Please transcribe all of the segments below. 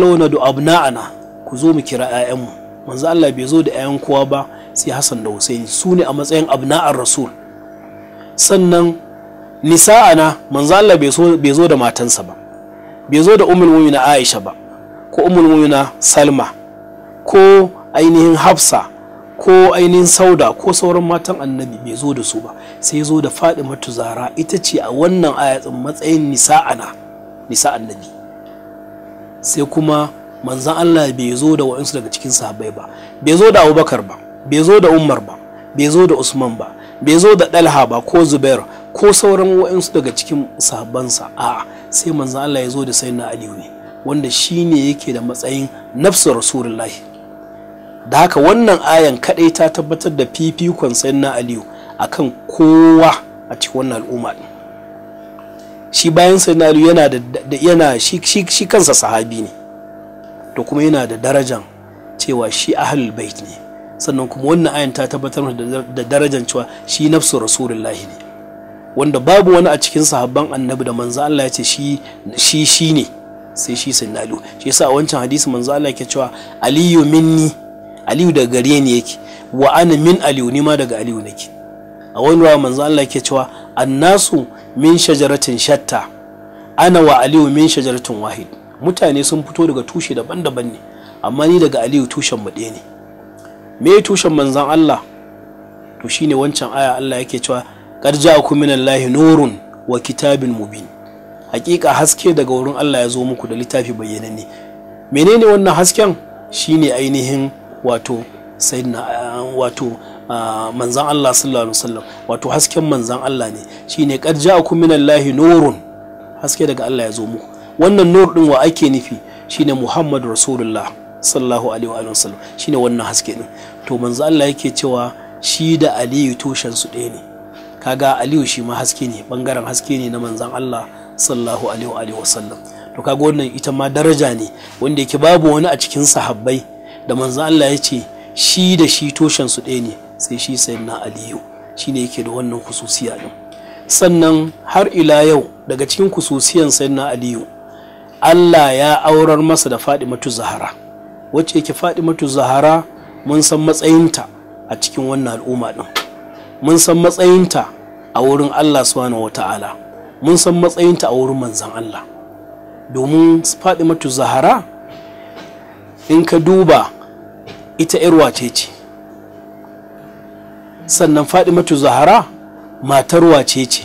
ta'alo na abna'ana ku zo mu kira 'ya'yanmu manzo Allah bai zo da 'ya'yan kowa ba sai Hassan da Hussein su ne a matsayin abna'ar rasul sannan nisa'ana manzo Allah bai zo da matansa ba bai zo da ummul mu'mina Aisha ba ko ummul mu'mina Salma ko ainihin Hafsa ko ainihin Sauda ko sauran matan Annabi bai zo da su ba sai zo da Fatima Zahra ita ce a wannan ayatin matsayin nisa'ana nisa Annabi sai kuma manzan Allah bai zo da wa'insu daga cikin sahabbai ba bai zo da abubakar ba bai zo da umar ba bai zo da usman ba bai zo da dalha ba ko zubair ko sauran wa'insu daga cikin sahabbansa a sai manzan Allah ya zo da sayyidina aliyu ne wanda shi ne yake da matsayin nafsu rasulullahi da haka wannan ayan kadai ta tabbatar da fifikon sayyidina aliyu akan kowa a cikin wannan al'umma shi bayan sayyidina ali yana da yana shi kansa sahabi ne to kuma yana da darajan cewa shi ahlul bait ne sannan kuma wannan ayan ta tabbatar da darajan cewa shi nafsu rasulullahi ne wanda babu wani a cikin sahabban annabi da manzo Allah ya ce shi shi shi ne sai shi sayyidina ali shi yasa a wancan hadisi manzo Allah yake cewa aliyu minni aliyu daga gare ni yake wa ana min aliyu ni ma daga aliyu nake a wani ruwa manzo Allah yake cewa annasu min shajaratin shatta ana wa aliyu min shajaratin wahid mutane sun fito daga tushe daban-daban ne amma ni daga aliyu tushen mu ne me tushen manzon Allah to shine wancan aya Allah yake cewa qad ja'akum minallahi nurun wa kitabin mubin hakika haske daga wurin Allah ya zo muku da littafi bayyananne menene wannan hasken shine ainihin wato sayyidina wato manzan Allah sallallahu alaihi wasallam wato hasken manzan Allah ne shine qad ja'akum minallahi nurun haske daga Allah ya zo mu wannan nur din wa ake nufi shine Muhammad Rasulullah sallallahu alaihi wa sallam shine wannan haske din to manzan Allah yake cewa shi da Aliyu tushen su ɗaya ne kaga Aliyu shi ma haske ne bangaren haske ne na manzan Allah sallallahu alaihi wa sallam to kaga wannan ita ma daraja ne wanda yake babu wani a cikin sahabbai da manzan Allah ya ce shi da shi tushen su ɗaya ne sai shi sayyidina aliyu shine yake da wannan kususiya din sannan har ila yau daga cikin kususiyan sayyidina aliyu Allah ya aurar masa da Fadimatu Zahara wacce yake Fadimatu Zahara mun san matsayinta a cikin wannan al'umma din mun san matsayinta a wurin Allah subhanahu wata'ala mun san matsayinta a wurin manzan Allah domin Fadimatu Zahara in ka duba ita 'yar wace ce sannan fadimatu zahara matar wace ce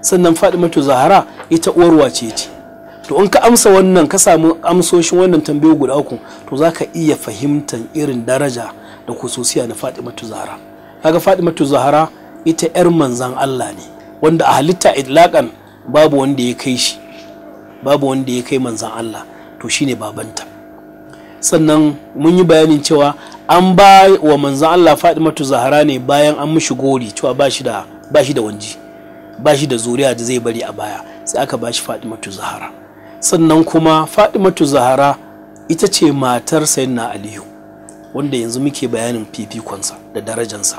sannan fadimatu zahara ita uwar wace ce to in ka amsa wannan ka samu amsoshin wannan tambayo guda uku to za ka iya fahimtar irin daraja da kususiya na fadimatu zahara kaga fadimatu zahara ita 'yar manzan allah ne wanda a halitta idlakan babu wanda ya kai shi babu wanda ya kai manzan allah to shine babanta sannan mun yi bayanin cewa an ba wa manzan Allah Fatimatu Zahara ne bayan an mishi gori cewa ba shi da ba da wanji ba shi da zuriya da zai bari a baya sai aka ba shi Fatimatu Zahara sannan kuma Fatimatu Zahara ita ce matar Sayyidina Aliyu wanda yanzu muke bayanin fifikonsa da darajansa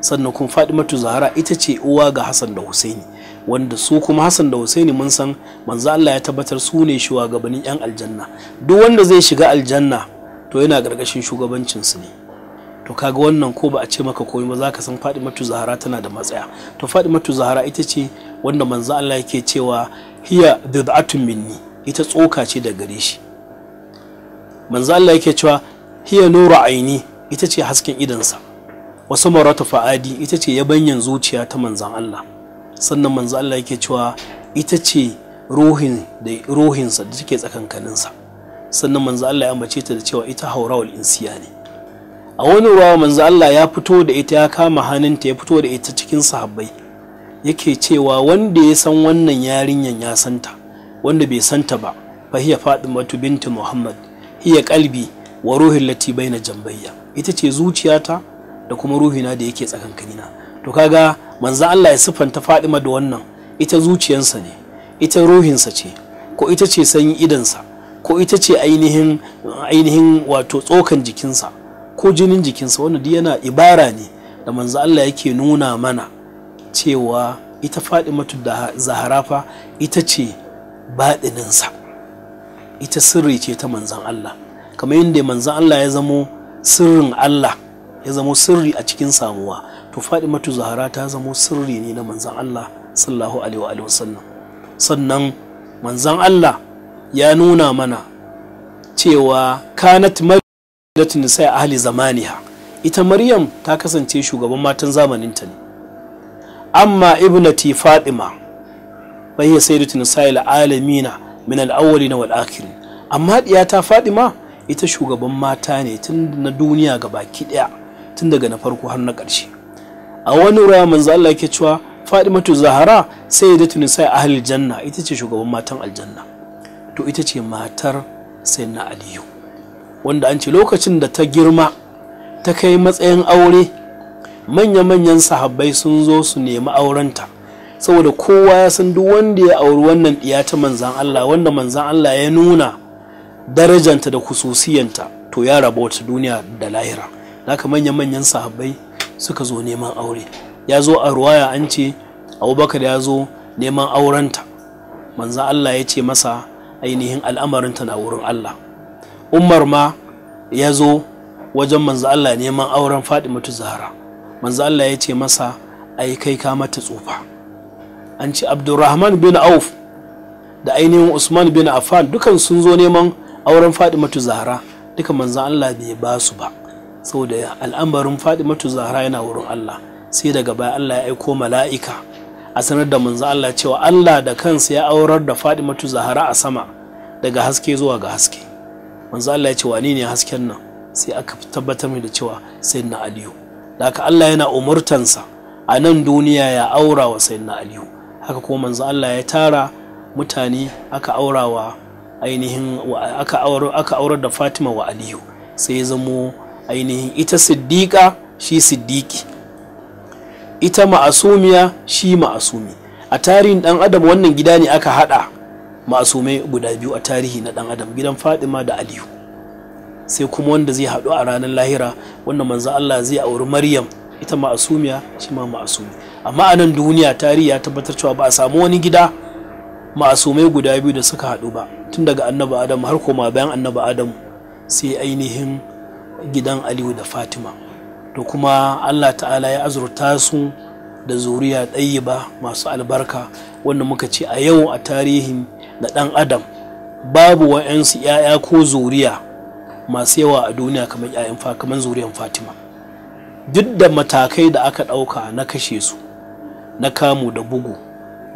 sannan kuma Fatimatu Zahara ita ce uwa ga Hassan da Husaini wanda su kuma Hassan da Husaini mun san manzan Allah ya tabbatar su ne shugabannin yan aljanna duk wanda zai shiga aljanna to yana gargashin shugabancinsu ne to kaga wannan ko ba a ce maka komai ba za ka san Fatimatu zahara tana da matsaya to Fatimatu zahara ita ce wanda manzo Allah yake cewa hiya bid'atun minni ita tsoka ce da gare shi manzo Allah yake cewa hiya nuru aini ita ce hasken sa. wasu maratu fa'adi ita ce yabanyan zuciya ta manzan Allah sannan manzo Allah yake cewa ita ce ruhin da sa da take tsakankaninsa sannan manzo Allah ya mace ta da cewa ita haurawal insiya ne a wani ruwa manzo Allah ya fito da ita ya kama hannunta ya fito da ita cikin sahabbai yake cewa wanda ya san wannan yarinyan ya santa wanda bai santa ba fa hiya fatimatu binti muhammad hiya kalbi wa ruhi lati baina jambayya ita ce zuciyata da kuma ruhina da yake tsakankanina to kaga manzo Allah ya sifanta Fatima da wannan ita zuciyarsa ne ita ruhinsa ce ko ita ce sanyi idansa ko ita ce ainihin ainihin wato tsokan jikinsa ko jinin jikinsa wanda duk yana ibara ne da manzo Allah yake nuna mana cewa ita Fatimatu da Zahara fa ita ce baɗininsa ita sirri ce ta manzan Allah kamar yadda manzan Allah ya zamo sirrin Allah ya zamo sirri a cikin samuwa to Fatimatu Zahara ta zamo sirri ne na manzan Allah sallallahu alaihi wa sallam sannan manzan Allah ya nuna mana cewa kanat maryam nisa a ahli zamaniya. ita maryam ta kasance shugaban matan zamaninta ne amma ibnati fatima bai ya sai nisa'il alamina min al'awwali na wal'akiri amma ta fatima ita shugaban mata ne tun na duniya ga baki daya tun daga na farko har na karshe a wani raya manzo Allah yake cewa Fadimatu Zahara sai ya tuni sai janna ita ce shugaban matan aljanna to ita ce matar sai na aliyu wanda an ce lokacin da ta girma ta kai matsayin aure manya-manyan sahabbai sun zo su nemi aurenta saboda kowa ya san duk wanda ya auri wannan ɗiya ta manzan Allah wanda manzan Allah ya nuna darajanta da kususiyanta to ya raba wata duniya da lahira haka manya-manyan sahabbai suka zo neman aure ya zo a ruwaya an ce abubakar ya zo neman aurenta manzan Allah ya ce masa ainihin al'amarin ta na wurin Allah Umar ma ya zo wajen manzo Allah neman auren Fatimatu Zahra manzo Allah ya ce masa ai kai ka mata tsufa an ce Abdurrahman bin Auf da ainihin Usman bin Affan dukan sun zo neman auren Fatimatu Zahra duka manzo Allah bai ba su ba saboda al'amarin Fatimatu Zahra yana wurin Allah sai daga baya Allah ya aiko mala'ika a sanar da manzo Allah cewa Allah da kansa ya aurar da Fadimatu Zahara a sama daga haske zuwa ga haske manzo Allah ya ce wani ne hasken nan sai aka tabbatar mai da cewa sayyidina Aliyu da Allah yana umurtansa a nan duniya ya aura wa sayyidina Aliyu haka kuma manzo Allah ya tara mutane aka wa ainihin aka aurar da Fatima wa Aliyu sai ya zamo ainihin ita Siddiqa shi siddiƙi ita ma'asumiya shi ma'asumi a tarihin dan adam wannan gida ne aka hada ma'asumai guda biyu a tarihi na dan adam gidan fatima da aliyu sai kuma wanda zai hadu a ranar lahira wanda manzo Allah zai auri maryam ita ma'asumiya shi ma ma'asumi amma a nan duniya tarihi ya tabbatar cewa ba a samu wani gida ma'asumai guda biyu da suka hadu ba tun daga annabi adam har koma bayan annabi adam sai ainihin gidan aliyu da fatima da kuma Allah ta'ala ya azurta su da zuriya ba masu albarka wanda muka ce a yau a tarihin da ɗan adam babu wa'yansu 'ya'ya ko zuriya masu yawa a duniya kamar 'ya'yan kamar zuriyan fatima duk da matakai da aka ɗauka na kashe su na kamu da bugu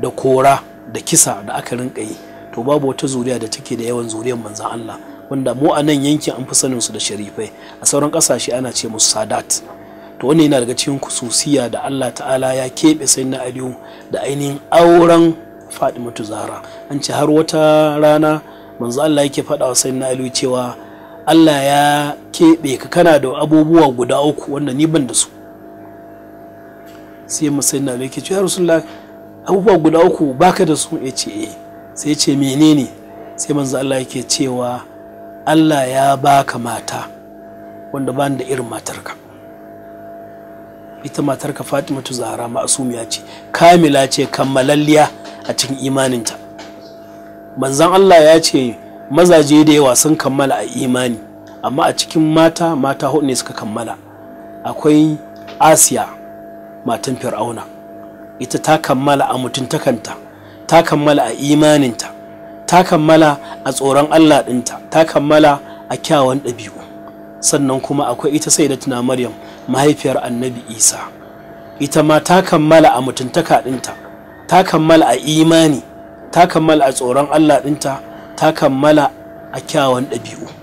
da kora da kisa da aka rinka yi to babu wata zuriya da take da yawan zuriyan manzan Allah wanda mu a nan yankin an fi sanin su da sharifai a sauran kasashe ana ce musu sadat to wannan yana daga cikin kususiya da Allah ta'ala ya keɓe na aliyu da ainihin auren fatimatu zahra an ce har wata rana manzo Allah yake faɗa wa na aliyu cewa Allah ya keɓe ka kana da abubuwa guda uku wanda ni ban da su sai masai na yake ce rasulullah abubuwa guda uku baka da su ya ce eh sai ce menene sai manzo Allah yake cewa Allah ya baka mata wanda ba da irin matarka ita matarka Fatima tu Zahra ma'asumiya ce kamila ce kammalalliya a cikin imaninta manzan Allah ya ce mazaje da yawa sun kammala a imani amma a cikin mata mata hudu ne suka kammala akwai Asiya matan Fir'auna ita ta kammala a mutuntakanta ta kammala a imaninta ta kammala a tsoron Allah ɗinta ta kammala a kyawan ɗabi'u sannan kuma akwai ita sai da tuna maryam mahaifiyar annabi isa ita ma ta kammala a mutuntaka ɗinta ta kammala a imani ta kammala a tsoron allah ɗinta ta kammala a kyawan ɗabi'u